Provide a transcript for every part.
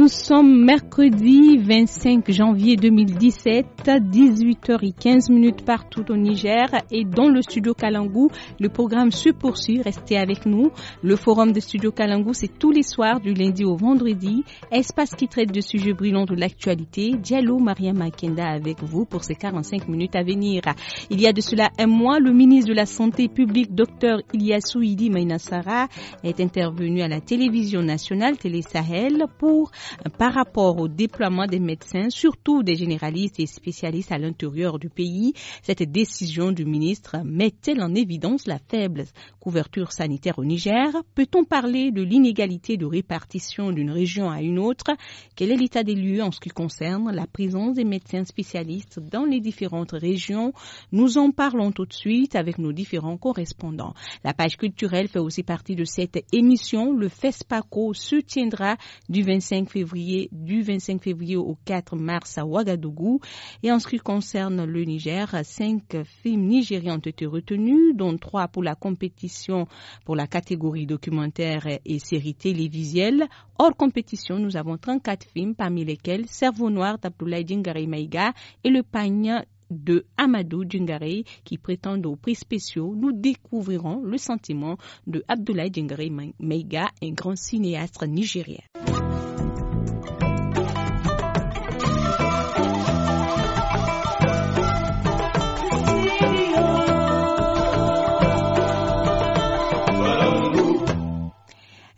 Nous sommes mercredi 25 janvier 2017 18h15 partout au Niger et dans le studio Kalangou. Le programme se poursuit, restez avec nous. Le forum de studio Kalangou, c'est tous les soirs du lundi au vendredi. Espace qui traite de sujets brûlants de l'actualité. Diallo Maria Makenda avec vous pour ces 45 minutes à venir. Il y a de cela un mois, le ministre de la Santé publique, Dr Ilyassou Idi Mainasara, est intervenu à la télévision nationale Télé Sahel pour par rapport au déploiement des médecins, surtout des généralistes et spécialistes à l'intérieur du pays. Cette décision du ministre met-elle en évidence la faible couverture sanitaire au Niger Peut-on parler de l'inégalité de répartition d'une région à une autre Quel est l'état des lieux en ce qui concerne la présence des médecins spécialistes dans les différentes régions Nous en parlons tout de suite avec nos différents correspondants. La page culturelle fait aussi partie de cette émission. Le FESPACO se tiendra du 25 février février, du 25 février au 4 mars à Ouagadougou. Et en ce qui concerne le Niger, cinq films nigériens ont été retenus, dont trois pour la compétition pour la catégorie documentaire et série télévisuelle. Hors compétition, nous avons 34 films, parmi lesquels Cerveau noir d'Abdoulaye Dingare Maïga et Le Pagne de Amadou Djingare qui prétendent aux prix spéciaux, nous découvrirons le sentiment de Abdoulaye Djingare Maiga, un grand cinéaste nigérien.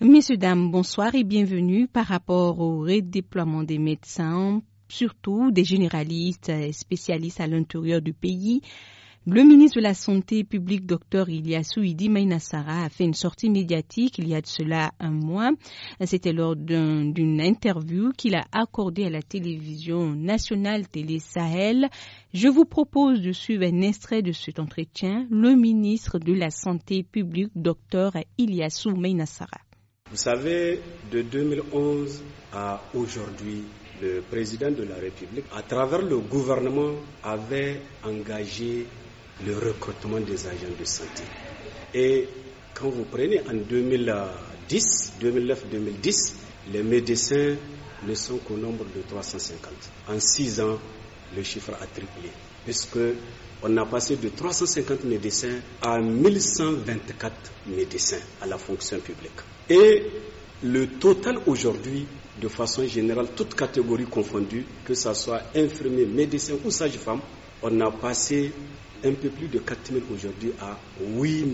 Mesdames, bonsoir et bienvenue par rapport au redéploiement des médecins, surtout des généralistes et spécialistes à l'intérieur du pays. Le ministre de la Santé publique, Dr Ilyasu Idi Mainassara, a fait une sortie médiatique il y a de cela un mois. C'était lors d'une interview qu'il a accordée à la télévision nationale Télé Sahel. Je vous propose de suivre un extrait de cet entretien, le ministre de la Santé publique, Dr Ilyasu Mainassara. Vous savez, de 2011 à aujourd'hui, le président de la République, à travers le gouvernement, avait engagé le recrutement des agents de santé. Et quand vous prenez en 2010, 2009-2010, les médecins ne sont qu'au nombre de 350. En six ans, le chiffre a triplé, puisque on a passé de 350 médecins à 1124 médecins à la fonction publique. Et le total aujourd'hui, de façon générale, toutes catégories confondues, que ce soit infirmiers, médecins ou sages-femmes, on a passé un peu plus de 4 000 aujourd'hui à 8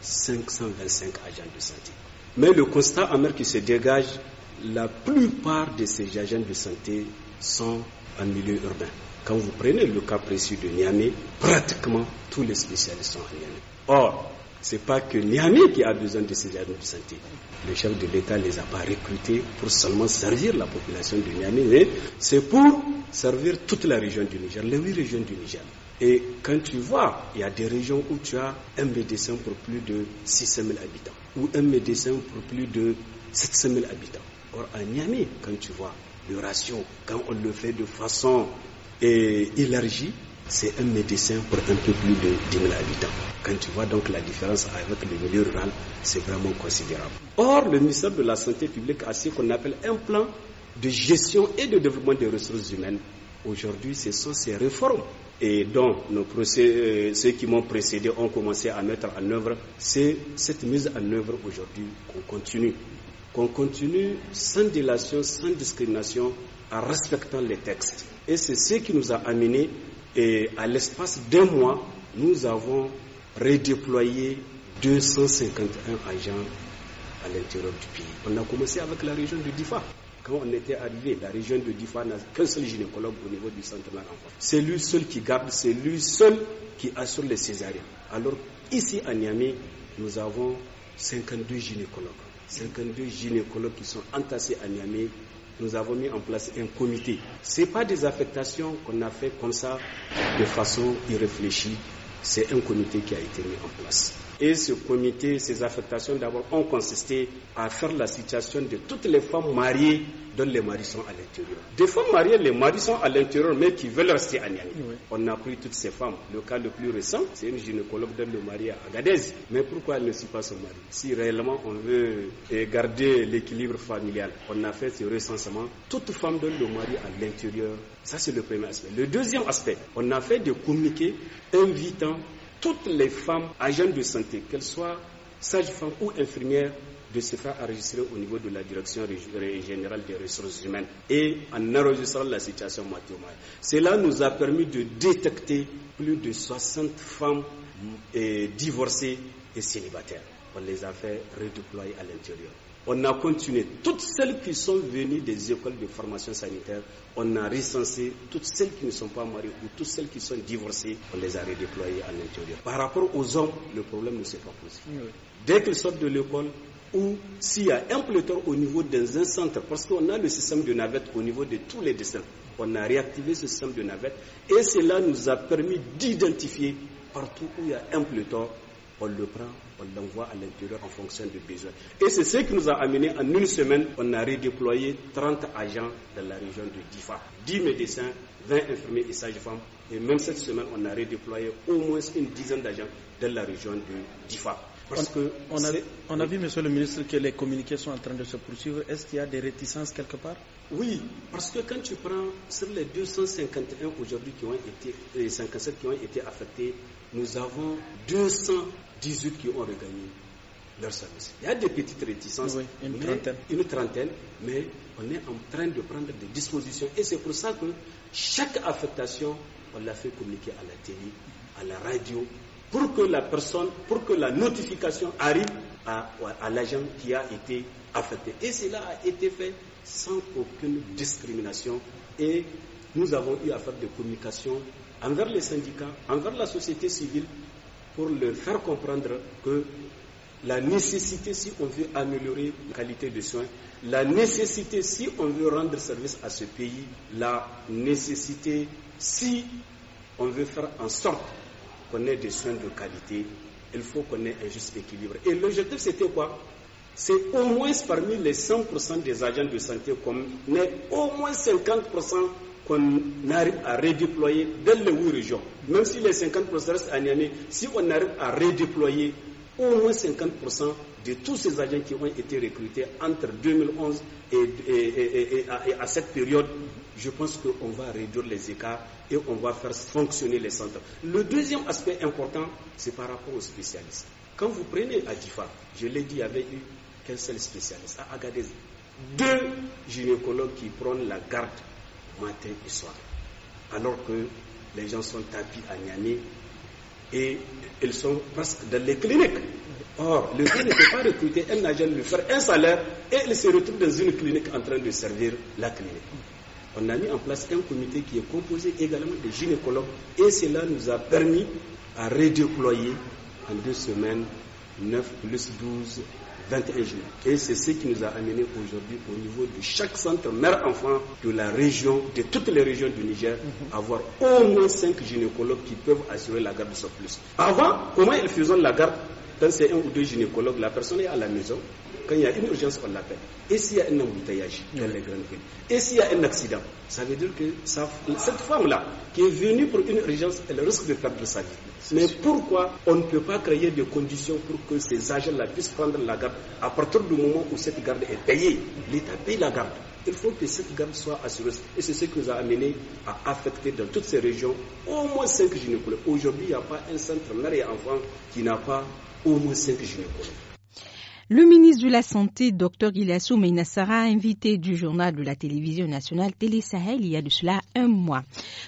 525 agents de santé. Mais le constat amer qui se dégage, la plupart de ces agents de santé sont en milieu urbain. Quand vous prenez le cas précis de Niamey, pratiquement tous les spécialistes sont à Niamey. Or, ce n'est pas que Niamey qui a besoin de ces agents de santé. Le chef de l'État ne les a pas recrutés pour seulement servir la population de Niamey, mais c'est pour servir toute la région du Niger, les huit régions du Niger. Et quand tu vois, il y a des régions où tu as un médecin pour plus de 600 000 habitants, ou un médecin pour plus de 700 000 habitants. Or, à Niamey, quand tu vois le ratio, quand on le fait de façon élargie, c'est un médecin pour un peu plus de 10 000 habitants. Quand tu vois donc la différence avec le milieu rural, c'est vraiment considérable. Or, le ministère de la Santé publique a ce qu'on appelle un plan de gestion et de développement des ressources humaines. Aujourd'hui, ce sont ces réformes et dont nos procès, euh, ceux qui m'ont précédé ont commencé à mettre en œuvre. C'est cette mise en œuvre aujourd'hui qu'on continue. Qu'on continue sans délation, sans discrimination, en respectant les textes. Et c'est ce qui nous a amené et à l'espace d'un mois, nous avons redéployé 251 agents à l'intérieur du pays. On a commencé avec la région de Difa. Quand on était arrivé, la région de Difa n'a qu'un seul gynécologue au niveau du centre de C'est lui seul qui garde, c'est lui seul qui assure les césariens. Alors ici à Niamey, nous avons 52 gynécologues. 52 gynécologues qui sont entassés à Niamey nous avons mis en place un comité. Ce n'est pas des affectations qu'on a fait comme ça de façon irréfléchie. C'est un comité qui a été mis en place. Et ce comité, ces affectations d'abord ont consisté à faire la situation de toutes les femmes mariées Donne les maris sont à l'intérieur. Des fois, mariées, les maris sont à l'intérieur, mais qui veulent rester à Niani. On a pris toutes ces femmes. Le cas le plus récent, c'est une gynécologue donne le mari à Agadez. Mais pourquoi elle ne suit pas son mari Si réellement on veut garder l'équilibre familial, on a fait ce recensement. Toute femme donnent le mari à l'intérieur, ça c'est le premier aspect. Le deuxième aspect, on a fait des communiqués invitant toutes les femmes agents de santé, qu'elles soient sages-femmes ou infirmières, de se faire enregistrer au niveau de la direction générale des ressources humaines et en enregistrant la situation matrimoniale. Cela nous a permis de détecter plus de 60 femmes euh, divorcées et célibataires. On les a fait redéployer à l'intérieur. On a continué. Toutes celles qui sont venues des écoles de formation sanitaire, on a recensé toutes celles qui ne sont pas mariées ou toutes celles qui sont divorcées, on les a redéployées à l'intérieur. Par rapport aux hommes, le problème ne s'est pas posé. Dès qu'ils sortent de l'école, ou s'il y a un pléthore au niveau d'un centre, parce qu'on a le système de navette au niveau de tous les dessins, on a réactivé ce système de navette et cela nous a permis d'identifier partout où il y a un pléthore, on le prend, on l'envoie à l'intérieur en fonction des besoins. Et c'est ce qui nous a amené en une semaine, on a redéployé 30 agents dans la région de Difa, 10 médecins, 20 infirmiers et sages-femmes. Et même cette semaine, on a redéployé au moins une dizaine d'agents dans la région de Difa. Parce que on, a, vu, monsieur le ministre, que les communiqués sont en train de se poursuivre. Est-ce qu'il y a des réticences quelque part Oui, parce que quand tu prends sur les 251 aujourd'hui qui ont été, les 57 qui ont été affectés, nous avons 218 qui ont regagné leur service. Il y a des petites réticences, une trentaine, mais on est en train de prendre des dispositions. Et c'est pour ça que chaque affectation, on l'a fait communiquer à la télé, à la radio, pour que la personne, pour que la notification arrive à, l'agent qui a été affecté. Et cela a été fait sans aucune discrimination. Et nous avons eu affaire de communication envers les syndicats, envers la société civile, pour leur faire comprendre que la nécessité, si on veut améliorer la qualité des soins, la nécessité, si on veut rendre service à ce pays, la nécessité, si on veut faire en sorte qu'on ait des soins de qualité, il faut qu'on ait un juste équilibre. Et l'objectif, c'était quoi C'est au moins parmi les 100% des agents de santé qu'on ait au moins 50% qu'on arrive à redéployer dans les huit régions. Même si les 50% restent si on arrive à redéployer au moins 50% de tous ces agents qui ont été recrutés entre 2011 et, à cette période, je pense qu'on va réduire les écarts et on va faire fonctionner les centres. Le deuxième aspect important, c'est par rapport aux spécialistes. Quand vous prenez à je l'ai dit, il y avait eu qu'un seul spécialiste. À Agadez, deux gynécologues qui prennent la garde matin et soir. Alors que les gens sont tapis à Niani et ils sont presque dans les cliniques. Or, le ne peut pas recruter un agent, lui faire un salaire et il se retrouve dans une clinique en train de servir la clinique on a mis en place un comité qui est composé également de gynécologues et cela nous a permis à redéployer en deux semaines 9 plus 12, 21 jours. Et c'est ce qui nous a amené aujourd'hui au niveau de chaque centre mère-enfant de la région, de toutes les régions du Niger, avoir mhm. au moins 5 gynécologues qui peuvent assurer la garde sur plus. Avant, comment ils faisaient la garde quand c'est un ou deux gynécologues, la personne est à la maison, quand il y a une urgence, on l'appelle. Et s'il y a un embouteillage dans les grandes villes, et s'il y a un accident, ça veut dire que cette femme-là, qui est venue pour une urgence, elle risque de perdre sa vie. Mais pourquoi on ne peut pas créer des conditions pour que ces agents-là puissent prendre la garde à partir du moment où cette garde est payée L'État paye la garde. Il faut que cette garde soit assurée. Et c'est ce qui nous a amené à affecter dans toutes ces régions au moins 5 gynécologues. Aujourd'hui, il n'y a pas un centre mère et enfant qui n'a pas au moins 5 gynécologues. Le ministre de la Santé, Dr Gilyassou Meinassara, invité du journal de la télévision nationale Télé Sahel il y a de cela un mois.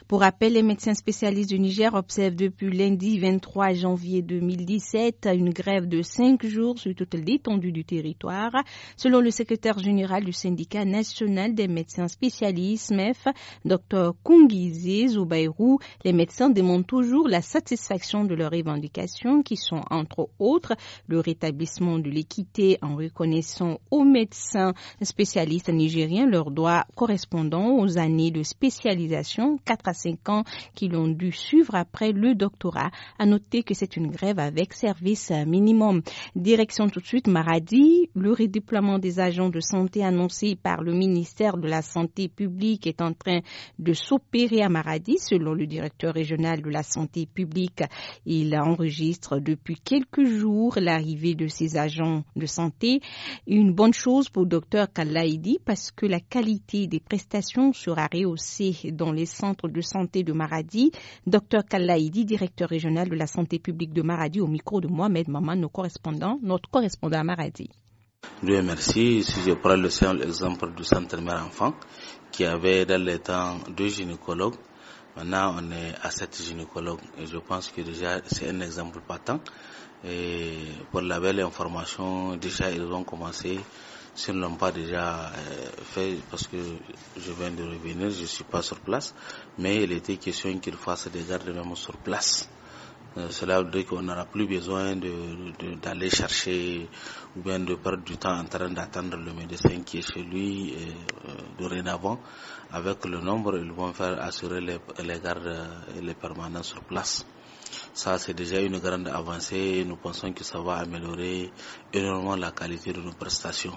Pour rappel, les médecins spécialistes du Niger observent depuis lundi 23 janvier 2017 une grève de cinq jours sur toute l'étendue du territoire. Selon le secrétaire général du syndicat national des médecins spécialistes, MEF, Dr Kungizé Zubairou, les médecins demandent toujours la satisfaction de leurs revendications qui sont entre autres le rétablissement de l'équipe en reconnaissant aux médecins spécialistes nigériens leurs droits correspondant aux années de spécialisation 4 à 5 ans qu'ils ont dû suivre après le doctorat. À noter que c'est une grève avec service minimum. Direction tout de suite Maradi, le redéploiement des agents de santé annoncé par le ministère de la Santé publique est en train de s'opérer à Maradi selon le directeur régional de la santé publique. Il enregistre depuis quelques jours l'arrivée de ces agents de santé, une bonne chose pour docteur Kalaidi parce que la qualité des prestations sera rehaussée dans les centres de santé de Maradi. Docteur Kallaidi, directeur régional de la santé publique de Maradi, au micro de Mohamed Maman, nos correspondants, notre correspondant à Maradi. Oui, merci. Si je prends le seul exemple du centre mère-enfant, qui avait dans les temps deux gynécologues, maintenant on est à sept gynécologues. Et je pense que déjà c'est un exemple patent et pour la belle information, déjà ils ont commencé. S'ils ne l'ont pas déjà euh, fait, parce que je viens de revenir, je ne suis pas sur place, mais il était question qu'ils fassent des gardes même sur place. Euh, cela veut dire qu'on n'aura plus besoin d'aller chercher ou bien de perdre du temps en train d'attendre le médecin qui est chez lui. Euh, dorénavant, avec le nombre, ils vont faire assurer les, les gardes et les permanents sur place. Ça, c'est déjà une grande avancée. Nous pensons que ça va améliorer énormément la qualité de nos prestations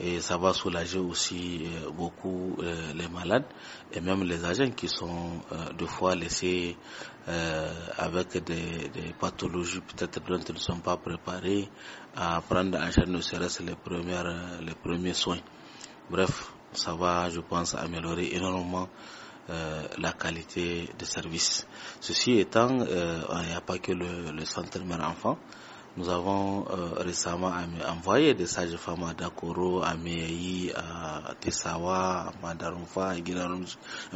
et ça va soulager aussi euh, beaucoup euh, les malades et même les agents qui sont euh, deux fois laissés avec des, pathologies peut-être dont ils ne sont pas préparés à prendre en charge ne serait les premières les premiers soins. Bref, ça va, je pense, améliorer énormément euh, la qualité de service. Ceci étant, euh, il n'y a pas que le, centre mère-enfant. Nous avons euh, récemment envoyé des sages-femmes à Dakoro, à Meyi, à Tessawa, à Madarumfa, à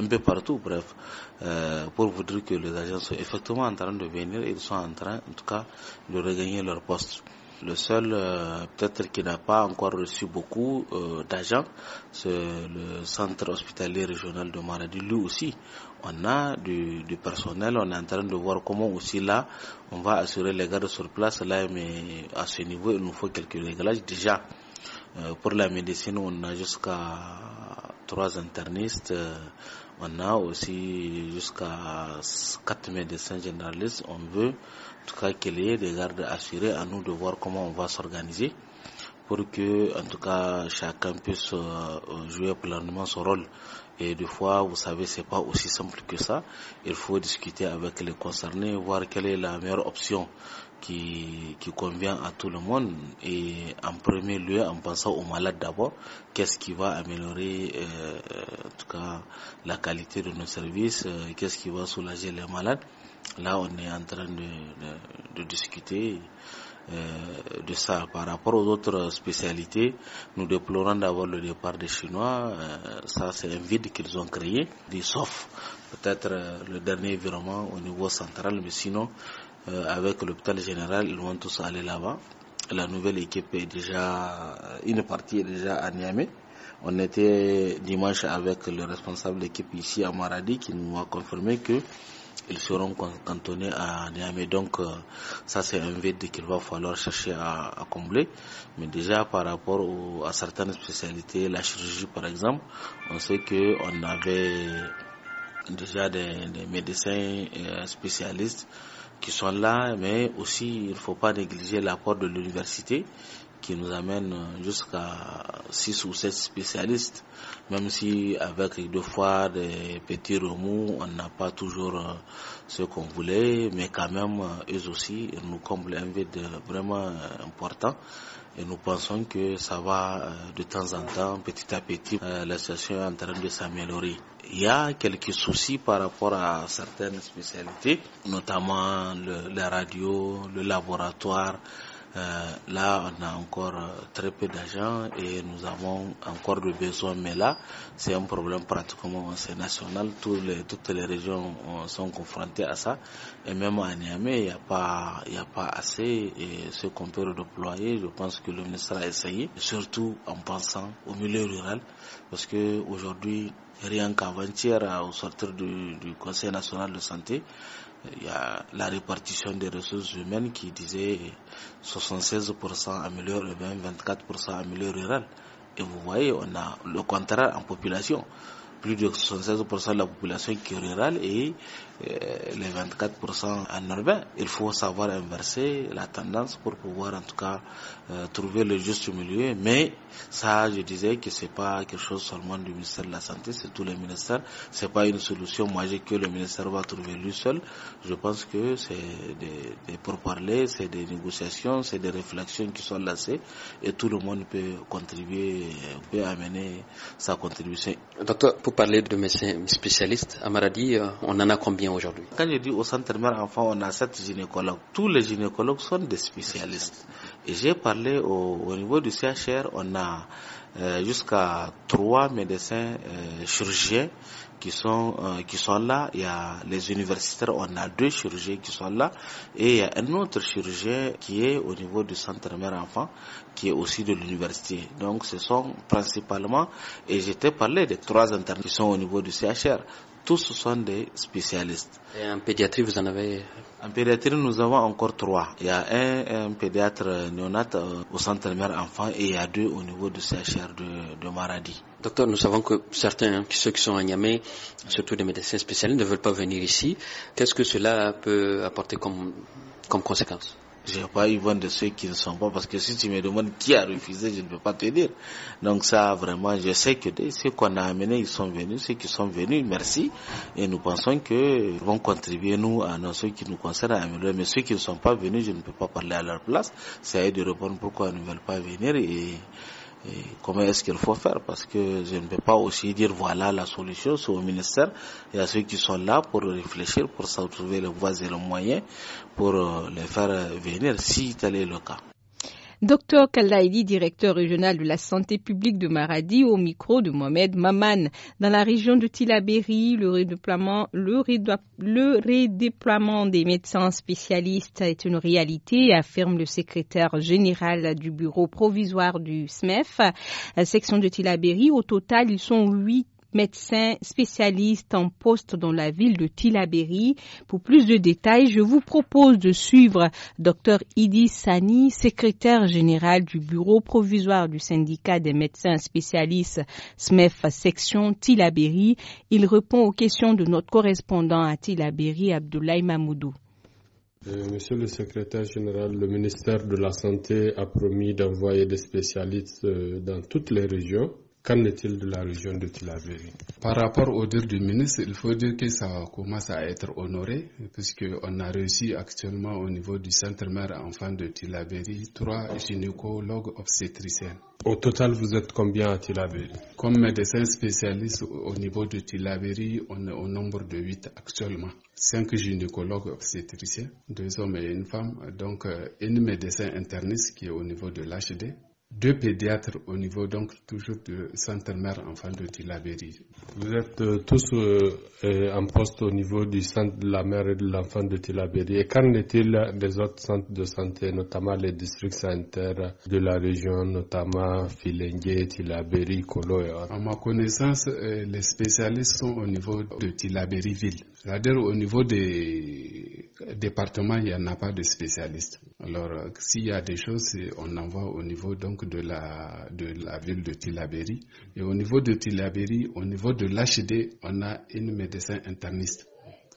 un peu partout, bref, pour vous dire que les agents sont effectivement en train de venir, ils sont en train, en tout cas, de regagner leur poste. Le seul, euh, peut-être qui n'a pas encore reçu beaucoup euh, d'agents, c'est le centre hospitalier régional de Maradi. Lui aussi, on a du, personnel, on est en train de voir comment aussi là, on va assurer les gardes sur place. Là, mais à ce niveau, il nous faut quelques réglages. Déjà, euh, pour la médecine, on a jusqu'à trois internistes. Euh, on a aussi jusqu'à quatre médecins généralistes. On veut en tout cas qu'il y ait des gardes assurés à nous de voir comment on va s'organiser pour que en tout cas chacun puisse euh, jouer pleinement son rôle. Et des fois, vous savez, c'est pas aussi simple que ça. Il faut discuter avec les concernés, voir quelle est la meilleure option qui, convient à tout le monde. Et en premier lieu, en pensant aux malades d'abord, qu'est-ce qui va améliorer euh, en tout cas la qualité de nos services, euh, qu'est-ce qui va soulager les malades. Là, on est en train de, de, discuter euh, de ça. Par rapport aux autres spécialités, nous déplorons d'avoir le départ des Chinois. Euh, ça, c'est un vide qu'ils ont créé, des sauf peut-être euh, le dernier virement au niveau central, mais sinon, euh, avec l'hôpital général, ils vont tous aller là-bas. La nouvelle équipe est déjà, euh, une partie est déjà à Niamey. On était dimanche avec le responsable d'équipe ici à Maradi qui nous a confirmé que ils seront cantonnés à Niamey. Donc euh, ça c'est un vide qu'il va falloir chercher à, combler. Mais déjà par rapport à certaines spécialités, la chirurgie par exemple, on sait qu'on avait déjà des médecins spécialistes qui sont là, mais aussi il ne faut pas négliger l'apport de l'université qui nous amène euh, jusqu'à 6 ou 7 spécialistes, même si avec deux fois des petits remous, on n'a pas toujours euh, ce qu'on voulait, mais quand même, euh, eux aussi, ils nous comblent un vide vraiment important. Et nous pensons que ça va euh, de temps en temps, petit à petit, euh, la situation est en train de s'améliorer. Il y a quelques soucis par rapport à certaines spécialités, notamment la radio, le laboratoire, euh, là, on a encore euh, très peu d'agents et nous avons encore de besoins, mais là, c'est un problème pratiquement Conseil national. Toutes les, toutes les régions euh, sont confrontées à ça. Et même à Niamey, il n'y a pas, a pas assez. Et ce qu'on peut redéployer, je pense que le ministre a essayé, surtout en pensant au milieu rural, parce que aujourd'hui, rien qu'avant-hier, au sortir du Conseil national de santé, il y a la répartition des ressources humaines qui disait 76% en milieu urbain, 24% en milieu rural. Et vous voyez, on a le contraire en population. Plus de 76% de la population qui est rurale et euh, les 24% en urbain. Il faut savoir inverser la tendance pour pouvoir en tout cas euh, trouver le juste milieu. Mais ça, je disais que c'est pas quelque chose seulement du ministère de la Santé, c'est tous les ministères. C'est pas une solution magique que le ministère va trouver lui seul. Je pense que c'est des, parler, c'est des négociations, c'est des réflexions qui sont lancées et tout le monde peut contribuer, euh, peut amener sa contribution. Docteur, pour parler de médecins spécialistes, à maladie, on en a combien aujourd'hui. Quand je dis au centre mère enfant, on a sept gynécologues. Tous les gynécologues sont des spécialistes. Et j'ai parlé au, niveau du CHR, on a euh, jusqu'à trois médecins euh, chirurgiens qui sont euh, qui sont là. Il y a les universitaires, on a deux chirurgiens qui sont là, et il y a un autre chirurgien qui est au niveau du centre mère enfant, qui est aussi de l'université. Donc ce sont principalement, et j'étais parlé des trois internes qui sont au niveau du CHR tous sont des spécialistes. Et en pédiatrie, vous en avez euh, En pédiatrie, nous avons encore trois. Il y a un, pédiatre néonat euh, au centre mère-enfant et il y a deux au niveau de CHR de, de Maradi. Docteur, nous savons que certains, hein, ceux qui sont à Niamey, surtout des médecins spécialistes, ne veulent pas venir ici. Qu'est-ce que cela peut apporter comme conséquence je pas eu vent de ceux qui ne sont pas, parce que si tu me demandes qui a refusé, je ne peux pas te dire. Donc ça, vraiment, je sais que ceux qu'on a amenés, ils sont venus, ceux qui sont venus, merci. Et nous pensons qu'ils vont contribuer, nous, à ceux qui nous concernent, à améliorer. Mais ceux qui ne sont pas venus, je ne peux pas parler à leur place. Ça à de répondre pourquoi ils ne veulent pas venir. Et comment est-ce qu'il faut faire Parce que je ne peux pas aussi dire voilà la solution, c'est au ministère et à ceux qui sont là pour réfléchir, pour trouver les voies et les moyens pour euh, les faire euh, venir si tel est le cas. Dr Kalaidi, directeur régional de la santé publique de Maradi, au micro de Mohamed Maman. Dans la région de Tilaberi, le redéploiement, des médecins spécialistes est une réalité, affirme le secrétaire général du bureau provisoire du SMEF, section de Tilaberi. Au total, ils sont huit médecin spécialiste en poste dans la ville de Tilaberi. Pour plus de détails, je vous propose de suivre Dr Idi Sani, secrétaire général du bureau provisoire du syndicat des médecins spécialistes SMEF section Tilaberi. Il répond aux questions de notre correspondant à Tilaberi, Abdoulaye Mamoudou. Euh, monsieur le secrétaire général, le ministère de la Santé a promis d'envoyer des spécialistes euh, dans toutes les régions Qu'en est-il de la région de Tulaveri Par rapport au dire du ministre, il faut dire que ça commence à être honoré, puisqu'on a réussi actuellement au niveau du centre mère enfant de Tulaveri trois gynécologues obstétriciens. Au total, vous êtes combien à Tilaberi Comme médecin spécialiste au niveau de Tilaberi, on est au nombre de huit actuellement. Cinq gynécologues obstétriciens, deux hommes et une femme, donc euh, une médecin interniste qui est au niveau de l'HD, deux pédiatres au niveau donc toujours de centre mère-enfant de Tilaberi. Vous êtes euh, tous euh, euh, en poste au niveau du centre de la mère et de l'enfant de Tilaberi. Et qu'en est-il des autres centres de santé, notamment les districts sanitaires de la région, notamment Filengue, Tilaberi, Kolo et À ma connaissance, les spécialistes sont au niveau de Tilaberi-Ville. C'est-à-dire au niveau des départements, il n'y en a pas de spécialistes. Alors, s'il y a des choses, on envoie au niveau donc de la, de la ville de Tilaberi. Et au niveau de Tilaberi, au niveau de l'HD, on a une médecin interniste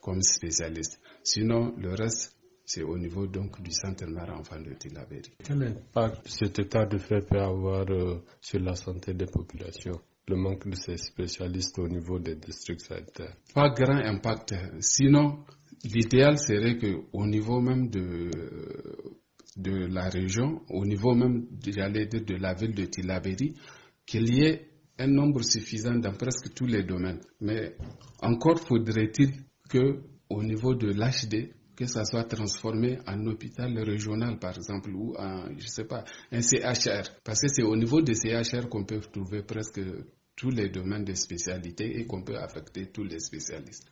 comme spécialiste. Sinon, le reste, c'est au niveau donc du centre nard enfant de Tilaberi. Quel impact cet état de fait peut avoir euh, sur la santé des populations le manque de ces spécialistes au niveau des districts sanitaires Pas grand impact. Sinon, l'idéal serait que au niveau même de de la région, au niveau même, j'allais dire, de la ville de Tilaberi, qu'il y ait un nombre suffisant dans presque tous les domaines. Mais encore faudrait-il que, au niveau de l'HD, que ça soit transformé en hôpital régional, par exemple, ou en, je sais pas, un CHR. Parce que c'est au niveau des CHR qu'on peut trouver presque tous les domaines de spécialité et qu'on peut affecter tous les spécialistes.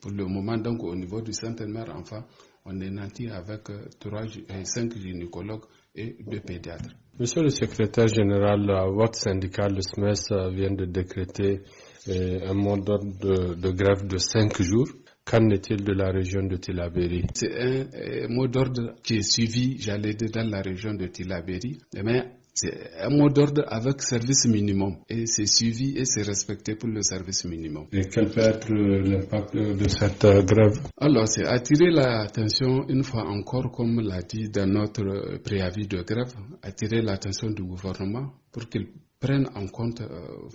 Pour le moment, donc, au niveau du centre mère enfant, on est nanti avec euh, trois, euh, cinq gynécologues et deux pédiatres. Monsieur le secrétaire général, euh, votre syndicat, le SMES, e vient de décréter un mot d'ordre de, grève de cinq jours. Qu'en est-il de la région de Tilaberi C'est un, mot d'ordre qui est suivi, j'allais dire, dans la région de Tilaberi. Mais c'est un mot d'ordre avec service minimum. Et c'est suivi et c'est respecté pour le service minimum. Et quel peut être l'impact de cette euh, grève Alors, c'est attirer l'attention, une fois encore, comme l'a dit dans notre préavis de grève, attirer l'attention du gouvernement pour qu'il prenne en compte euh,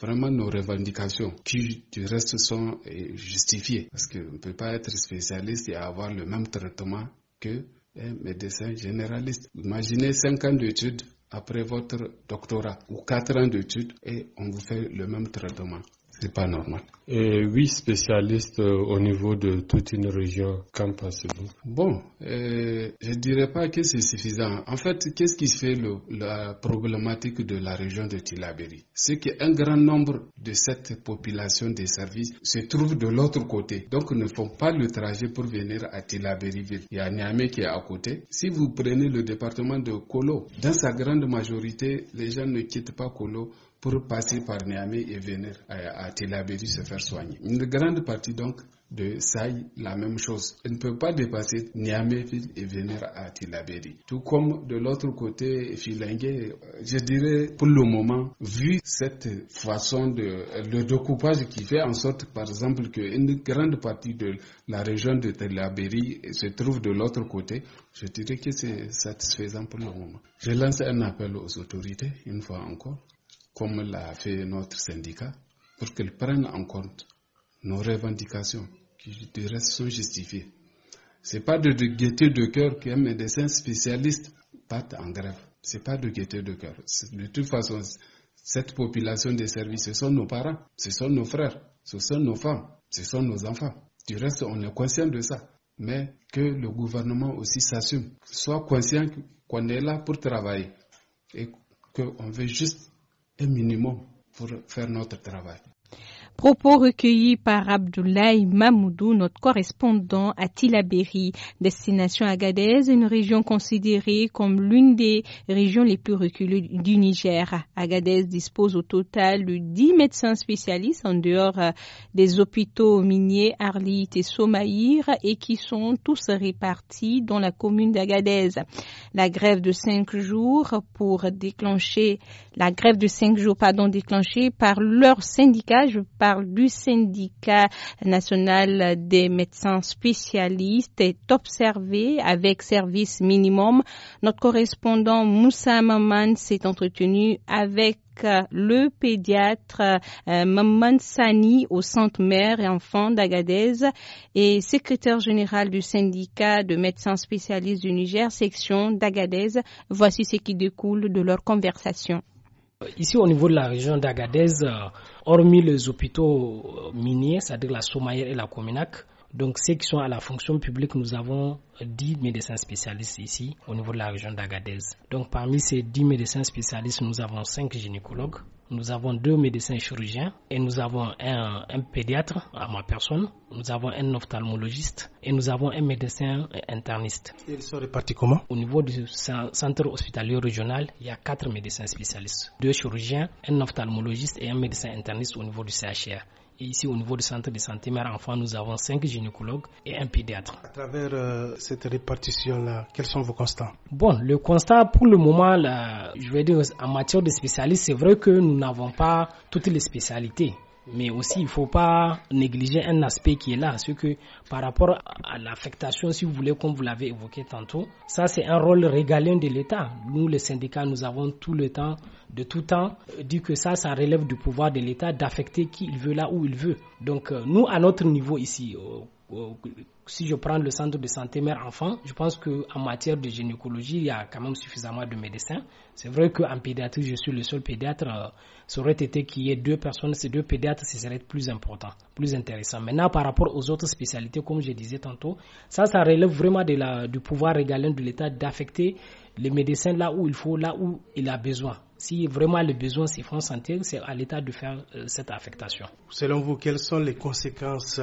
vraiment nos revendications qui du reste sont euh, justifiées parce qu'on ne peut pas être spécialiste et avoir le même traitement que un hein, médecin généraliste. Imaginez cinq ans d'études après votre doctorat ou quatre ans d'études et on vous fait le même traitement c'est pas normal. Et huit spécialistes euh, au niveau de toute une région, qu'en pensez-vous Bon, euh, je dirais pas que c'est suffisant. En fait, qu'est-ce qui fait la problématique de la région de Tilaberi C'est qu'un grand nombre de cette population des services se trouve de l'autre côté, donc ne font pas le trajet pour venir à Tilaberi-Ville. Il y a Niamey qui est à côté. Si vous prenez le département de Kolo, dans sa grande majorité, les gens ne quittent pas Kolo pour passer par Niamey et venir euh, à, à se faire soigner. Une grande partie donc de Saï, la même chose. Elle ne peut pas dépasser Niamey et venir à Telabéry. Tout comme de l'autre côté, Filingue, je dirais pour le moment, vu cette façon de le découpage qui fait en sorte, par exemple, qu'une grande partie de la région de Telabéry se trouve de l'autre côté, je dirais que c'est satisfaisant pour le moment. Je lance un appel aux autorités, une fois encore, comme l'a fait notre syndicat, pour qu'elle prenne en compte nos revendications, qui du reste sont justifiées. C'est pas de, gaieté de cœur qu'un médecin spécialiste parte en grève. C'est pas de gaieté de cœur. De toute façon, cette population des services, ce sont nos parents, ce sont nos frères, ce sont nos femmes, ce sont nos enfants. Du reste, on est conscient de ça. Mais que le gouvernement aussi s'assume, soit conscient qu'on est là pour travailler et qu'on veut juste un minimum pour faire notre travail. Propos recueillis par Abdoulaye Mamoudou, notre correspondant à Tilaberi, destination Agadez, une région considérée comme l'une des régions les plus reculées du Niger. Agadez dispose au total de 10 médecins spécialistes en dehors euh, des hôpitaux miniers Arlit et Somaïr et qui sont tous répartis dans la commune d'Agadez. La grève de cinq jours pour déclencher, la grève de cinq jours, pardon, déclenchée par leur syndicat, je du syndicat national des médecins spécialistes est observé avec service minimum. Notre correspondant Moussa Maman s'est entretenu avec euh, le pédiatre euh, Maman Sani au Centre Mère et enfant d'Agadez et secrétaire général du syndicat de médecins spécialistes du Niger, section d'Agadez. Voici ce qui découle de leur conversation. Euh, ici, au niveau de la région d'Agadez, euh, hormis les hôpitaux euh, miniers, c'est-à-dire la Somaïe et la Cominac, donc ceux qui sont à la fonction publique, nous avons 10 médecins spécialistes ici au niveau de la région d'Agadez. Donc parmi ces 10 médecins spécialistes, nous avons 5 gynécologues, nous avons 2 médecins chirurgiens et nous avons un, pédiatre à ma personne, nous avons un ophtalmologiste et nous avons un médecin interniste. Ils sont répartis comment Au niveau du centre hospitalier régional, il y a 4 médecins spécialistes, 2 chirurgiens, un ophtalmologiste et un médecin interniste au niveau du CHR. Et ici, au niveau du centre de santé mère-enfant, nous avons cinq gynécologues et un pédiatre. À travers euh, cette répartition-là, quels sont vos constats Bon, le constat pour le moment, je vais dire, en matière de spécialistes, c'est vrai que nous n'avons pas toutes les spécialités. Mais aussi, il ne faut pas négliger un aspect qui est là, ce que par rapport à l'affectation, si vous voulez, comme vous l'avez évoqué tantôt, ça c'est un rôle régalien de l'État. Nous, les syndicats, nous avons tout le temps, de tout temps, euh, dit que ça, ça relève du pouvoir de l'État d'affecter qui il veut là où il veut. Donc, euh, nous, à notre niveau ici, si je prends le centre de santé mère-enfant, je pense qu'en matière de gynécologie, il y a quand même suffisamment de médecins. C'est vrai qu'en pédiatrie, je suis le seul pédiatre. Euh, ça aurait été qu'il y ait deux personnes, ces deux pédiatres, ce serait plus important, plus intéressant. Maintenant, par rapport aux autres spécialités, comme je disais tantôt, ça, ça relève vraiment de la, du pouvoir régalien de l'État d'affecter les médecins là où il faut, là où il a besoin. Si vraiment le besoin c'est font Santé, c'est à l'État de faire euh, cette affectation. Selon vous, quelles sont les conséquences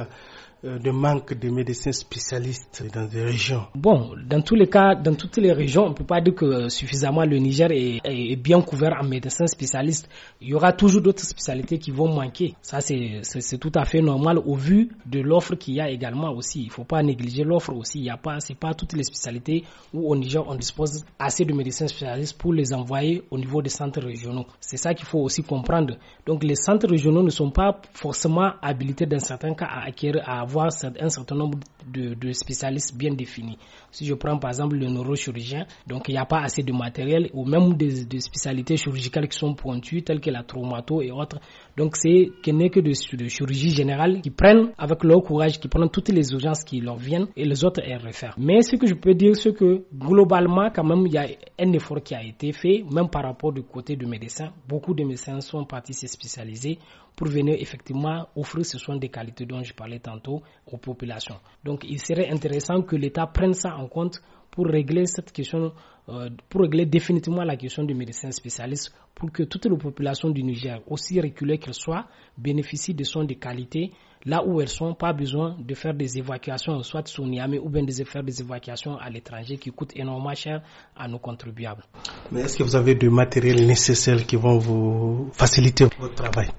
euh, de manque de médecins spécialistes dans des régions Bon, dans tous les cas, dans toutes les régions, on ne peut pas dire que suffisamment le Niger est, bien couvert en médecins spécialistes. Il y aura toujours d'autres spécialités qui vont manquer. Ça, c'est tout à fait normal au vu de l'offre qu'il y a également aussi. Il ne faut pas négliger l'offre aussi. Il n'y a pas, c'est pas toutes les spécialités où au Niger on dispose assez de médecins spécialistes pour les envoyer au niveau des centres régionaux. C'est ça qu'il faut aussi comprendre. Donc les centres régionaux ne sont pas forcément habilités dans certains cas à acquérir, à avoir un certain nombre de, spécialistes bien définis. Si je prends par exemple le neurochirurgien, donc il n'y a pas assez de matériel ou même des, spécialités chirurgicales qui sont pointues telles que la traumato et autres. Donc c'est qu'il n'est que de, de, chirurgie générale qui prennent avec leur courage, qui prennent toutes les urgences qui leur viennent et les autres elles réfèrent. Mais ce que je peux dire, c'est que globalement quand même il y a un effort qui a été fait, même par rapport du côté du médecins. Beaucoup de médecins sont partis se spécialiser pour venir effectivement offrir ce soin de qualité dont je parlais tantôt aux populations. Donc il serait intéressant que l'État prenne ça en compte pour régler cette question, euh, pour régler définitivement la question du médecin spécialiste, pour que toute la population du Niger, aussi reculée qu'elle soit, bénéficie de soins de qualité là où elles sont, pas besoin de faire des évacuations, soit sur Niamey ou bien de faire des évacuations à l'étranger qui coûtent énormément cher à nos contribuables. Mais est-ce que vous avez du matériel nécessaire qui vont vous faciliter votre travail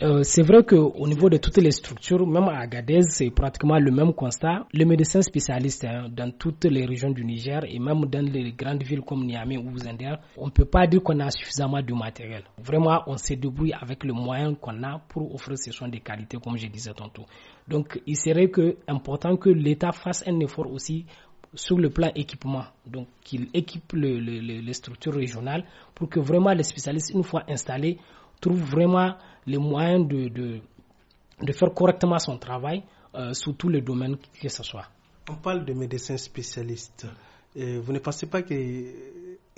euh, c'est vrai qu'au niveau de toutes les structures, même à Agadez, c'est pratiquement le même constat. Les médecins spécialistes hein, dans toutes les régions du Niger et même dans les grandes villes comme Niamey ou Zender, on ne peut pas dire qu'on a suffisamment de matériel. Vraiment, on se débrouille avec le moyen qu'on a pour offrir ces soins de qualité, comme je disais tantôt. Donc, il serait que, important que l'État fasse un effort aussi sur le plan équipement. Donc, qu'il équipe les structures régionales pour que vraiment les spécialistes, une fois installés, trouvent vraiment les moyens de, de, faire correctement son travail euh, sous tous les domaines que ce soit. On parle de médecins spécialistes. Euh, vous ne pensez pas que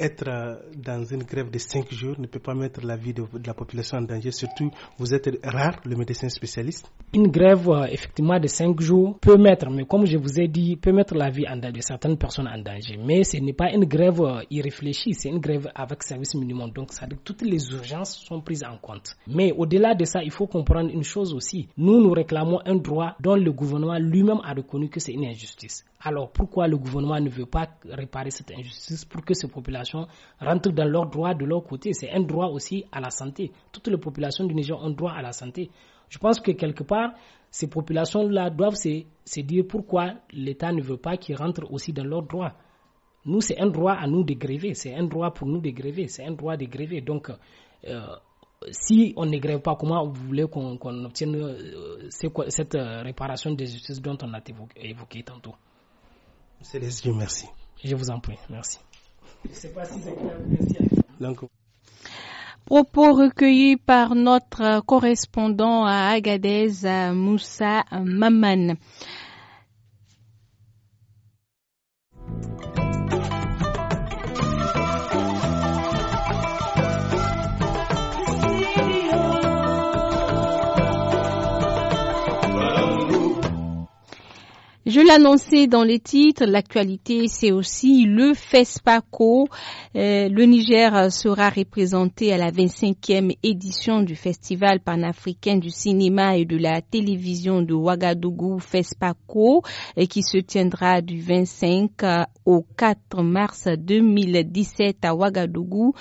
être euh, dans une grève de 5 jours ne peut pas mettre la vie de, la population en danger, surtout vous êtes rare, le médecin spécialiste. Une grève, euh, effectivement, de 5 jours peut mettre, mais comme je vous ai dit, peut mettre la vie en danger, de certaines personnes en danger. Mais ce n'est pas une grève euh, irréfléchie, c'est une grève avec service minimum. Donc, ça, toutes les urgences sont prises en compte. Mais au-delà de ça, il faut comprendre une chose aussi. Nous, nous réclamons un droit dont le gouvernement lui-même a reconnu que c'est une injustice. Alors, pourquoi le gouvernement ne veut pas réparer cette injustice pour que ces populations rentrent dans leurs droits de leur côté. C'est un droit aussi à la santé. Toutes les populations du Niger ont droit à la santé. Je pense que quelque part, ces populations-là doivent se, dire pourquoi l'État ne veut pas qu'ils rentrent aussi dans leurs droits. Nous, c'est un droit à nous de gréver, c'est un droit pour nous de gréver, c'est un droit de gréver. Donc, euh, si on ne grève pas, comment vous voulez qu'on obtienne euh, cette euh, réparation des justices dont on a évoqué, évoqué tantôt yeux, merci. Je vous en prie, merci. Propos recueillis par notre correspondant à Agadez, Moussa Maman. Je l'annonçais dans les titres, l'actualité c'est aussi le FESPACO. Euh, le Niger sera représenté à la 25e édition du Festival panafricain du cinéma et de la télévision de Ouagadougou FESPACO euh, qui se tiendra du 25 euh, au 4 mars 2017 à Ouagadougou.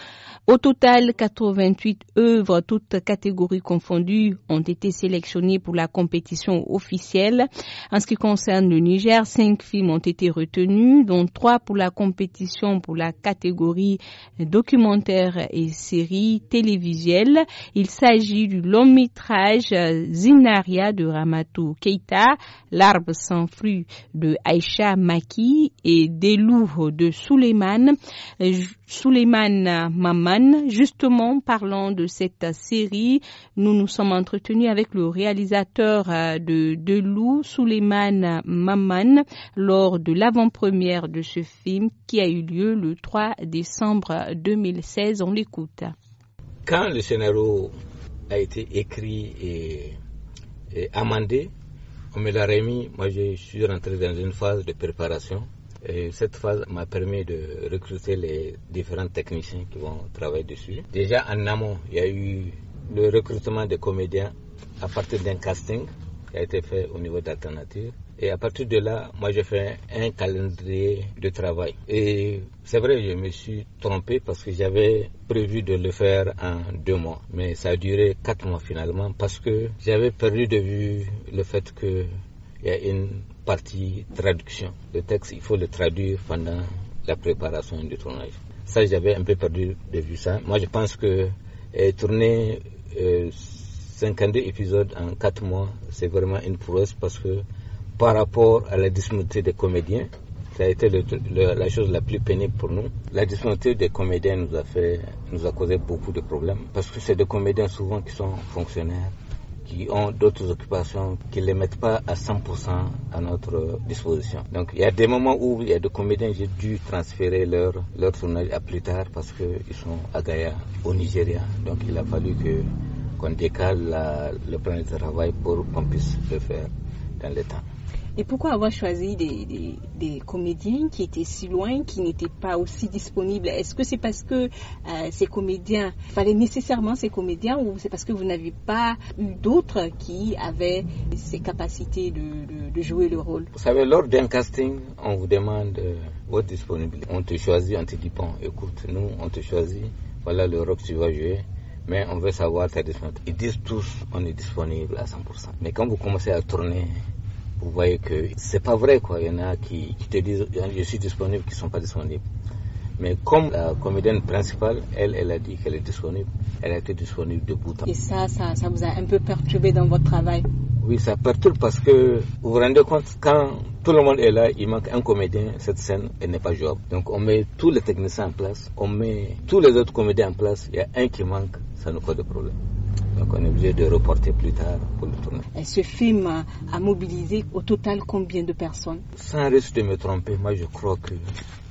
Au total, 88 œuvres, toutes catégories confondues, ont été sélectionnées pour la compétition officielle. En ce qui concerne Niger, cinq films ont été retenus dont trois pour la compétition pour la catégorie documentaire et série télévisuelle. Il s'agit du long métrage Zinaria de Ramatou Keita, L'arbre sans fruit de Aïcha Maki et Des loups de Suleiman, Suleiman Maman. Justement, parlant de cette série, nous nous sommes entretenus avec le réalisateur de Des loups, Suleiman Maman lors de l'avant-première de ce film qui a eu lieu le 3 décembre 2016. On l'écoute. Quand le scénario a été écrit et, amendé, on me l'a remis. Moi, je suis rentré dans une phase de préparation. Et cette phase m'a permis de recruter les différents techniciens qui vont travailler dessus. Déjà en amont, il y a eu le recrutement des comédiens à partir d'un casting qui a été fait au niveau d'Alternative. Et à partir de là, moi, je fais un calendrier de travail. Et c'est vrai, je me suis trompé parce que j'avais prévu de le faire en deux mois. Mais ça a duré quatre mois finalement parce que j'avais perdu de vue le fait que il y a une partie traduction. Le texte, il faut le traduire pendant la préparation du tournage. Ça, j'avais un peu perdu de vue ça. Moi, je pense que euh, tourner 52 euh, épisodes en quatre mois, c'est vraiment une prouesse parce que par rapport à la disponibilité des comédiens. Ça a été la chose la plus pénible pour nous. La disponibilité des comédiens nous a fait, nous a causé beaucoup de problèmes parce que c'est des comédiens souvent qui sont fonctionnaires, qui ont d'autres occupations, qui ne les mettent pas à 100% à notre disposition. Donc il y a des moments où il y a des comédiens, j'ai dû transférer leur, leur tournage à plus tard parce qu'ils sont à Gaïa, au Nigeria. Donc il a fallu que qu'on décale le plan de travail pour qu'on puisse le faire dans le temps. Et pourquoi avoir choisi des, comédiens qui étaient si loin, qui n'étaient pas aussi disponibles Est-ce que c'est parce que euh, ces comédiens, fallait nécessairement ces comédiens ou c'est parce que vous n'avez pas eu d'autres qui avaient ces capacités de, jouer le rôle Vous savez, lors d'un casting, on vous demande euh, votre disponibilité. On te choisit, en te dit, écoute, nous, on te choisit, voilà le rôle que tu vas jouer mais on veut savoir ta disponibilité. Ils disent tous on est disponible à 100%. Mais quand vous commencez à tourner, vous voyez que c'est pas vrai quoi. Il y en a qui, te disent je suis disponible, qui sont pas disponibles. Mais comme la comédienne principale, elle, elle a dit qu'elle était disponible. Elle a été disponible de bout Et ça, ça, ça vous a un peu perturbé dans votre travail Oui, ça perturbe parce que vous vous rendez compte, quand tout le monde est là, il manque un comédien, cette scène, elle n'est pas jouable. Donc on met tous les techniciens en place, on met tous les autres comédiens en place, il y a un qui manque, ça nous cause des problèmes. Donc on est obligé de reporter plus tard pour le tournage. Et ce film a mobilisé au total combien de personnes Sans risque de me tromper, moi je crois que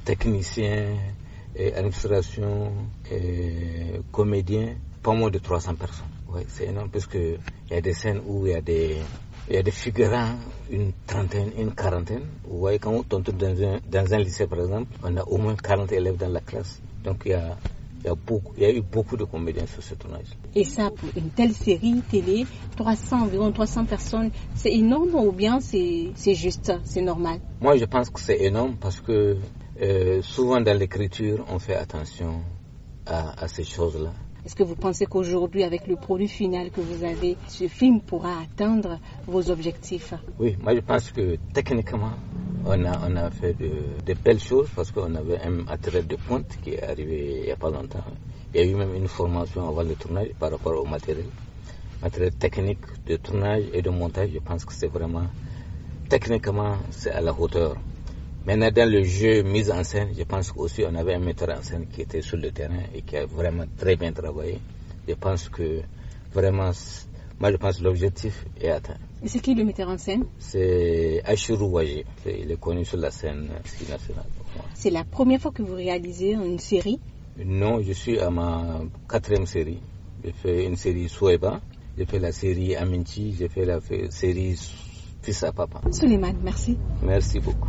techniciens, et administration, et comédiens, pas moins de 300 personnes. Ouais, c'est énorme parce qu'il y a des scènes où il y a des des figurants, une trentaine, une quarantaine. Vous voyez, quand on tourne dans un, dans un lycée, par exemple, on a au moins 40 élèves dans la classe. Donc il y a il y, a beaucoup, eu beaucoup de comédiens sur ce tournage. Et ça, pour une telle série télé, 300, environ 300 personnes, c'est énorme ou bien c'est juste, c'est normal Moi, je pense que c'est énorme parce que euh, souvent dans l'écriture, on fait attention à, à ces choses-là. Est-ce que vous pensez qu'aujourd'hui, avec le produit final que vous avez, ce film pourra atteindre vos objectifs Oui, moi je pense que techniquement, on a, on a fait de, belles choses parce qu'on avait un matériel de pointe qui est arrivé il n'y a pas longtemps. Il y a eu même une formation avant le tournage par rapport au matériel. Matériel technique de tournage et de montage, je pense que c'est vraiment, techniquement, c'est à la hauteur. Maintenant, dans le jeu mise en scène, je pense aussi on avait un metteur en scène qui était sur le terrain et qui a vraiment très bien travaillé. Je pense que vraiment moi, je pense que l'objectif est atteint. Et c'est qui le metteur en scène C'est Ashuru Wajé. Il est connu sur la scène nationale. C'est la première fois que vous réalisez une série Non, je suis à ma quatrième série. J'ai fait une série Soueba, j'ai fait la série Aminti, j'ai fait la série Fils à Papa. Suleiman, merci. Merci beaucoup.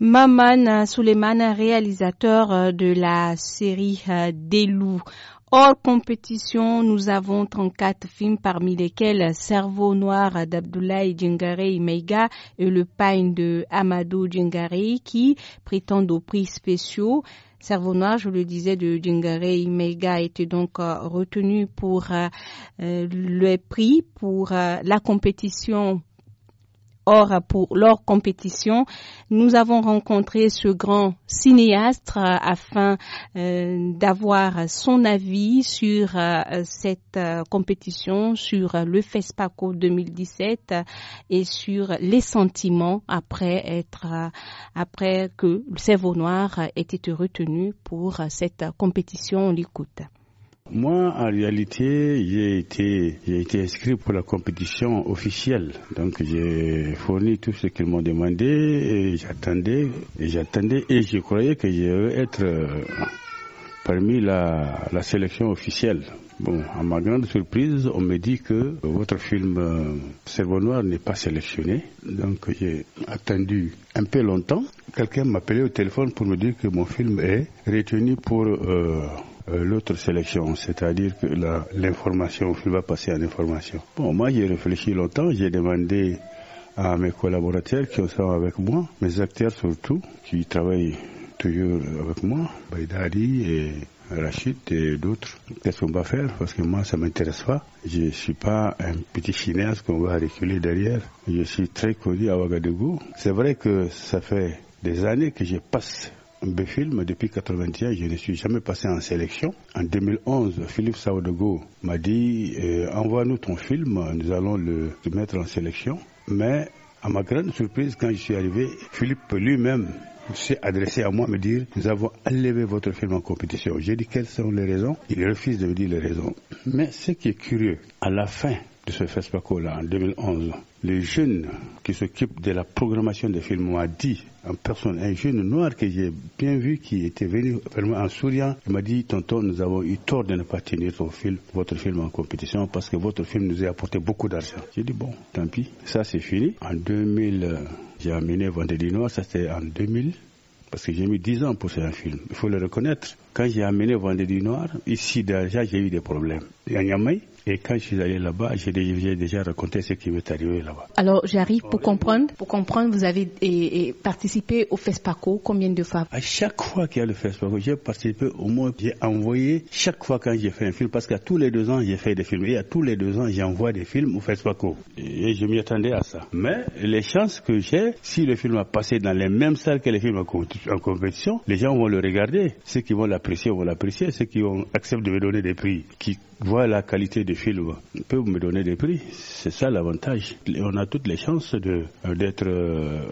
Maman Suleiman, réalisateur euh, de la série euh, Des loups. Hors compétition, nous avons 34 films parmi lesquels Cerveau noir d'Abdoulaye Djengarei Meiga et Le Pain de Amadou Djengarei qui prétendent aux prix spéciaux. Cerveau noir, je le disais, de Djengarei Meiga était donc euh, retenu pour euh, euh, le prix pour la compétition Or, pour leur compétition, nous avons rencontré ce grand cinéaste euh, afin euh, d'avoir son avis sur euh, cette compétition, sur le FESPACO 2017 et sur les sentiments après être, après que le cerveau noir ait été retenu pour cette compétition. On l'écoute. Moi, en réalité, j'ai été, j'ai été inscrit pour la compétition officielle. Donc, j'ai fourni tout ce qu'ils m'ont demandé et j'attendais, et j'attendais et je croyais que j'allais être euh, parmi la, la sélection officielle. Bon, à ma grande surprise, on me dit que votre film euh, Cerveau Noir n'est pas sélectionné. Donc j'ai attendu un peu longtemps. Quelqu'un m'a appelé au téléphone pour me dire que mon film est retenu pour euh, euh, l'autre sélection, c'est-à-dire que l'information, va passer à l'information. Bon, moi j'ai réfléchi longtemps, j'ai demandé à mes collaborateurs qui sont avec moi, mes acteurs surtout, qui travaillent toujours avec moi, Baïdari et Rachid et d'autres. Qu'est-ce qu'on va faire Parce que moi, ça m'intéresse pas. Je ne suis pas un petit cinéaste qu'on va reculer derrière. Je suis très connu à Ouagadougou. C'est vrai que ça fait des années que je passe film depuis ans je ne suis jamais passé en sélection. En 2011, Philippe Saoudogo m'a dit euh, Envoie-nous ton film, nous allons le, mettre en sélection. Mais à ma grande surprise, quand je suis arrivé, Philippe lui-même s'est adressé à moi me dire nous avons enlevé votre film en compétition. J'ai dit quelles sont les raisons. Il refuse de me dire les raisons. Mais ce qui est curieux, à la fin de ce FESPACO là en 2011, le jeune qui s'occupe de la programmation des films m'a dit en personne, un jeune noir que j'ai bien vu qui était venu vraiment en souriant, il m'a dit, tonton, nous avons eu tort de ne pas tenir ton film, votre film en compétition parce que votre film nous a apporté beaucoup d'argent. J'ai dit, bon, tant pis, ça c'est fini. En 2000, j'ai amené Vendredi Noir, ça c'était en 2000 parce que j'ai mis 10 ans pour faire un film. Il faut le reconnaître. Quand j'ai amené du Noir, ici déjà, j'ai eu des problèmes. il et quand je suis allé là-bas, j'ai déjà, raconté ce qui m'est arrivé là-bas. Alors, j'arrive pour comprendre. Pour comprendre, vous avez participé au FESPACO combien de fois À chaque fois qu'il y a le FESPACO, j'ai participé au moins, j'ai envoyé chaque fois quand j'ai fait un film, parce qu'à tous les deux ans, j'ai fait des films. Et à tous les deux ans, j'envoie des films au FESPACO. Et je m'y attendais à ça. Mais les chances que j'ai, si le film a passé dans les mêmes salles que les films en compétition, les gens vont le regarder. Ceux qui vont l'apprécier vont l'apprécier. Ceux qui acceptent de me donner des prix, qui voient la qualité de films peut me donner des prix. C'est ça l'avantage. On a toutes les chances euh, d'être euh,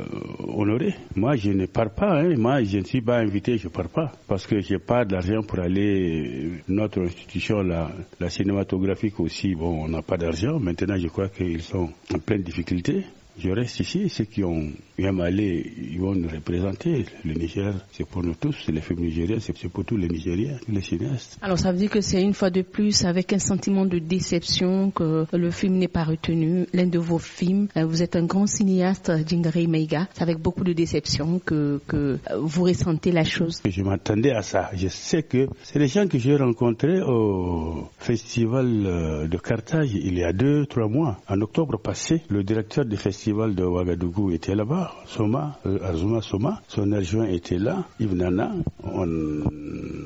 honoré. Moi, je ne pars pas. Hein. Moi, je ne suis pas invité, je ne pars pas. Parce que je n'ai pas d'argent pour aller. Euh, notre institution, la, la cinématographique aussi, bon, on n'a pas d'argent. Maintenant, je crois qu'ils sont en pleine difficulté. Je reste ici. Ceux qui ont aiment ils vont nous représenter. Le Niger, c'est pour nous tous. C'est les films nigériens, c'est pour tous les Nigériens, les cinéastes. Alors, ça veut dire que c'est une fois de plus avec un sentiment de déception que le film n'est pas retenu. L'un de vos films, euh, vous êtes un grand cinéaste, Jindari Meiga. C'est avec beaucoup de déception que, que euh, vous ressentez la chose. Je m'attendais à ça. Je sais que c'est les gens que j'ai rencontrés au festival euh, de Carthage il y a deux, trois mois, en octobre passé. Le directeur du festival festival de Ouagadougou était là-bas, Soma, euh, Azuma Soma, son adjoint était là, Nana. on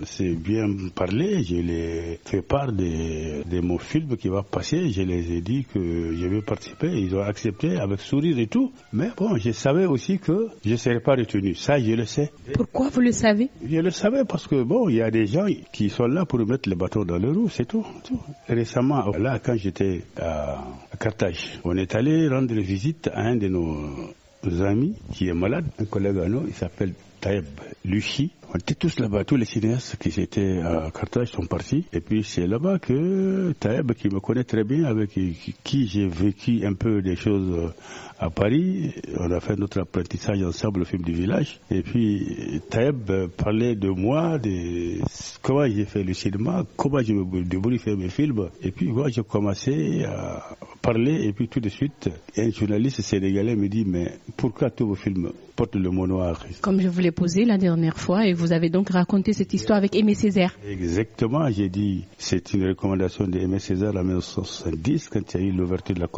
s'est bien parlé, je ai fait part de, mon film qui va passer, je les ai dit que je vais participer, ils ont accepté avec sourire et tout, mais bon, je savais aussi que je ne serais pas retenu, ça je le sais. Pourquoi vous le savez Je le savais parce que bon, il y a des gens qui sont là pour mettre le bateau dans le roue, c'est tout, Récemment, là, quand j'étais à Carthage, on est allé rendre visite un de nos amis qui est malade, un collègue à nous, il s'appelle Taïb Luchi, on tous là-bas, tous les cinéastes qui étaient à Carthage sont partis. Et puis c'est là-bas que Taeb, qui me connaît très bien, avec qui j'ai vécu un peu des choses euh, à Paris, on a fait notre apprentissage ensemble, au film du village. Et puis Taeb parlait de moi, de comment j'ai fait le cinéma, comment je me faire mes films. Et puis moi j'ai commencé à parler et puis tout de suite un journaliste sénégalais me dit mais pourquoi tous vos films portent le mot noir Comme je vous l'ai posé la dernière fois vous avez donc raconté cette histoire avec Aimé Césaire. Exactement, j'ai dit, c'est une recommandation d'Aimé Césaire en 1970, quand il y a eu l'ouverture de la,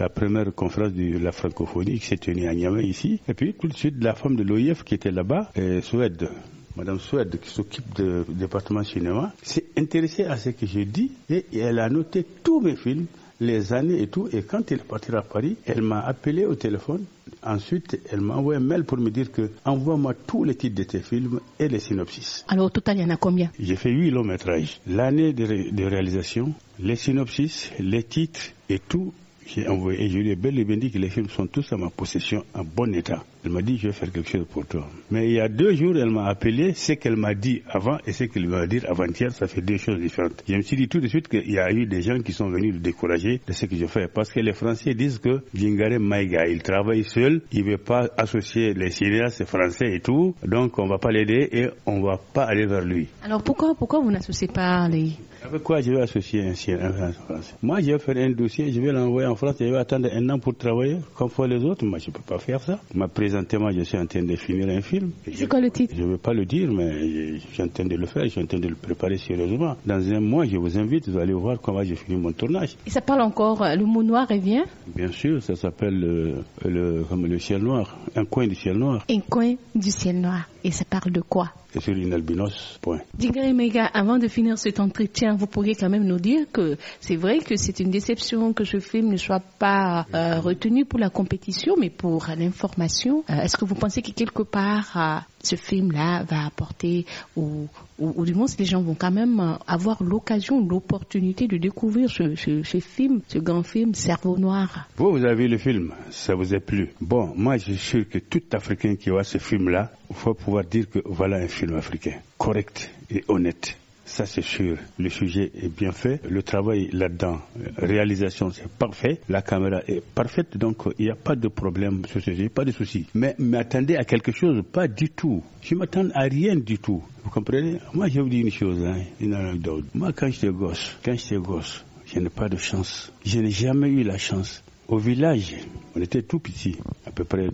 la, première conférence de la francophonie qui s'est tenue à Niamey ici. Et puis tout de suite, la femme de l'OIF qui était là-bas, euh, Suède, Madame Suède, qui s'occupe du département cinéma, s'est intéressée à ce que j'ai dit et elle a noté tous mes films les années et tout. Et quand il est à Paris, elle m'a appelé au téléphone. Ensuite, elle m'a envoyé un mail pour me dire que envoie-moi tous les titres de tes films et les synopsis. Alors au total, il y en a combien J'ai fait huit longs métrages. L'année de, de réalisation, les synopsis, les titres et tout j'ai envoyé et je lui ai bel et bien dit que les films sont tous à ma possession en bon état. Elle m'a dit, je vais faire quelque chose pour toi. Mais il y a deux jours, elle m'a appelé. Ce qu'elle m'a dit avant et ce qu'elle m'a dit avant-hier, ça fait deux choses différentes. Je me suis dit tout de suite qu'il y a eu des gens qui sont venus le décourager de ce que je fais. Parce que les Français disent que Djingare Maïga, il travaille seul, il ne veut pas associer les cinéastes français et tout. Donc on ne va pas l'aider et on ne va pas aller vers lui. Alors pourquoi, pourquoi vous n'associez pas les avec quoi je vais associer un ciel? en France Moi, je vais faire un dossier, je vais l'envoyer en France, je vais attendre un an pour travailler, comme font les autres. Moi, je ne peux pas faire ça. Moi, présentement, je suis en train de finir un film. C'est quoi le titre Je ne vais pas le dire, mais je, suis en train de le faire, je suis en train de le préparer sérieusement. Dans un mois, je vous invite, vous allez voir comment j'ai fini mon tournage. Et ça parle encore, euh, le mot noir revient Bien sûr, ça s'appelle euh, le ciel noir, un coin du ciel noir. Un coin du ciel noir. Et ça parle de quoi et Mega, avant de finir cet entretien, vous pourriez quand même nous dire que c'est vrai que c'est une déception que ce film ne soit pas euh, retenu pour la compétition, mais pour l'information. Euh, est-ce que vous pensez que quelque part, euh, ce film-là va apporter, ou, du moins les gens vont quand même euh, avoir l'occasion, l'opportunité de découvrir ce, film, ce grand film Cerveau Noir. Vous, vous avez le film, ça vous a plu. Bon, moi je suis sûr que tout Africain qui voit ce film-là va pouvoir dire que voilà un film africain, correct et honnête ça c'est sûr. Le sujet est bien fait, le travail là-dedans, réalisation c'est parfait, la caméra est parfaite, donc euh, il n'y a pas de problème sur ce sujet, pas de souci. Mais m'attendez à quelque chose, pas du tout. Je m'attends à rien du tout. Vous comprenez Moi je vous dis une chose, hein, une anecdote. Moi quand j'étais gosse, quand j'étais gosse, je n'ai pas de chance. Je n'ai jamais eu la chance. Au village, on était tout petits, à peu près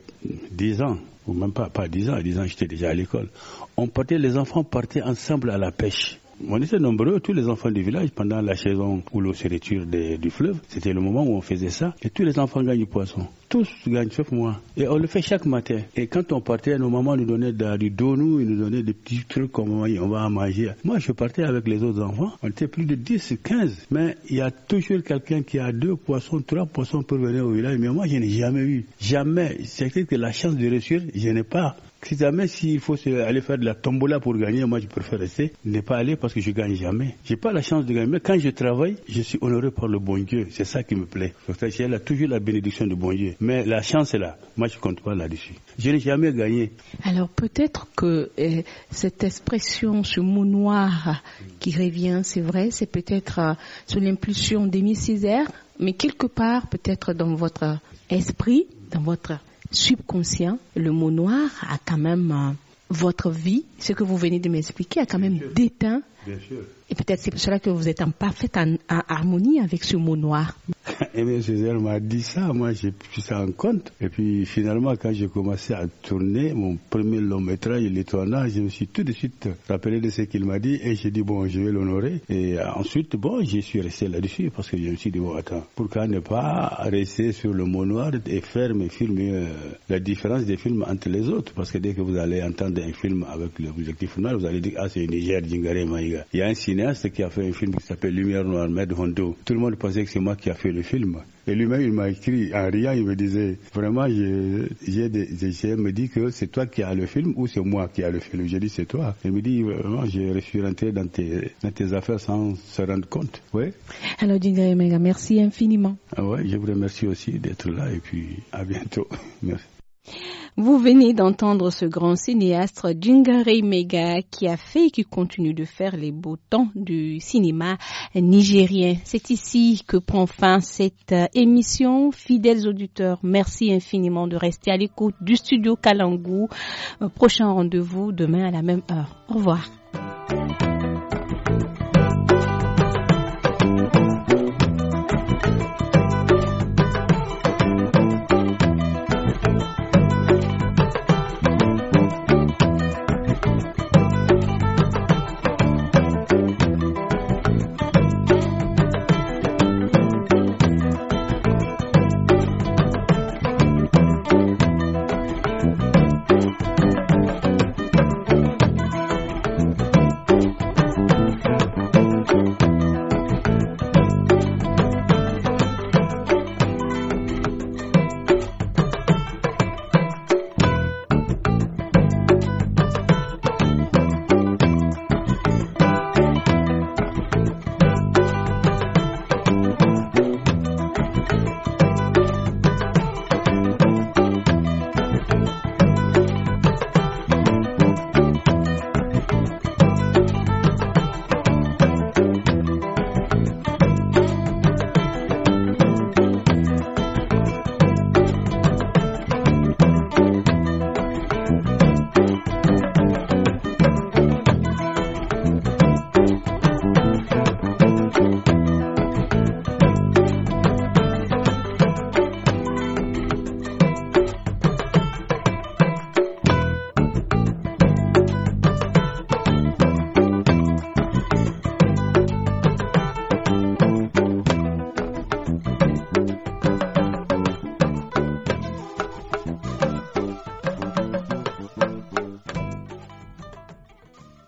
10 ans, ou même pas, pas 10 ans, 10 ans j'étais déjà à l'école. On partait, les enfants partaient ensemble à la pêche. On était nombreux, tous les enfants du village, pendant la saison où l'eau se retire du fleuve, c'était le moment où on faisait ça, et tous les enfants gagnent du poisson. Tous gagnent, sauf moi. Et on le fait chaque matin. Et quand on partait, nos mamans nous donnaient de, du donou, ils nous donnaient des petits trucs comme on va manger. Moi, je partais avec les autres enfants, on était plus de 10, 15, mais il y a toujours quelqu'un qui a deux poissons, trois poissons pour venir au village, mais moi, je n'ai jamais eu. Jamais. C'est que la chance de réussir, je n'ai pas. Si jamais s'il faut aller faire de la tombola pour gagner, moi je préfère rester, ne pas aller parce que je gagne jamais. J'ai pas la chance de gagner, mais quand je travaille, je suis honoré par le bon Dieu. C'est ça qui me plaît. J'ai toujours la bénédiction du bon Dieu. Mais la chance est là. Moi je compte pas là-dessus. Je n'ai jamais gagné. Alors peut-être que euh, cette expression, ce mot noir qui revient, c'est vrai, c'est peut-être sur euh, sous l'impulsion d'Émile Césaire, mais quelque part peut-être dans votre esprit, dans votre subconscient, le mot noir a quand même euh, votre vie, ce que vous venez de m'expliquer, a quand même déteint et peut-être c'est pour cela que vous êtes en parfaite en, harmonie avec ce mot noir. Et eh bien, m'a dit ça, moi j'ai pris ça en compte. Et puis finalement, quand j'ai commencé à tourner mon premier long métrage, l'étonnant, je me suis tout de suite rappelé de ce qu'il m'a dit et j'ai dit bon, je vais l'honorer. Et ensuite, bon, je suis resté là-dessus parce que je me suis dit bon, attends, pourquoi ne pas rester sur le mot noir et faire mes films, euh, la différence des films entre les autres Parce que dès que vous allez entendre un film avec l'objectif noir, vous allez dire ah, c'est Niger, Djingare, Maïga. Il y a un cinéaste qui a fait un film qui s'appelle Lumière Noire, Med Hondo. Tout le monde pensait que c'est moi qui a fait le film. Et lui-même, il m'a écrit en riant, il me disait, vraiment, je, j'ai me dit que c'est toi qui as le film ou c'est moi qui a le film. J'ai dit, c'est toi. Il me dit, vraiment, je suis rentré dans tes, dans tes affaires sans se rendre compte. Oui. Alors, Menga, merci infiniment. Ah ouais, je vous remercie aussi d'être là et puis à bientôt. Merci. Vous venez d'entendre ce grand cinéaste Djungare Mega qui a fait et qui continue de faire les beaux temps du cinéma nigérien. C'est ici que prend fin cette euh, émission. Fidèles auditeurs, merci infiniment de rester à l'écoute du studio Kalangu. Euh, prochain rendez-vous demain à la même heure. Au revoir.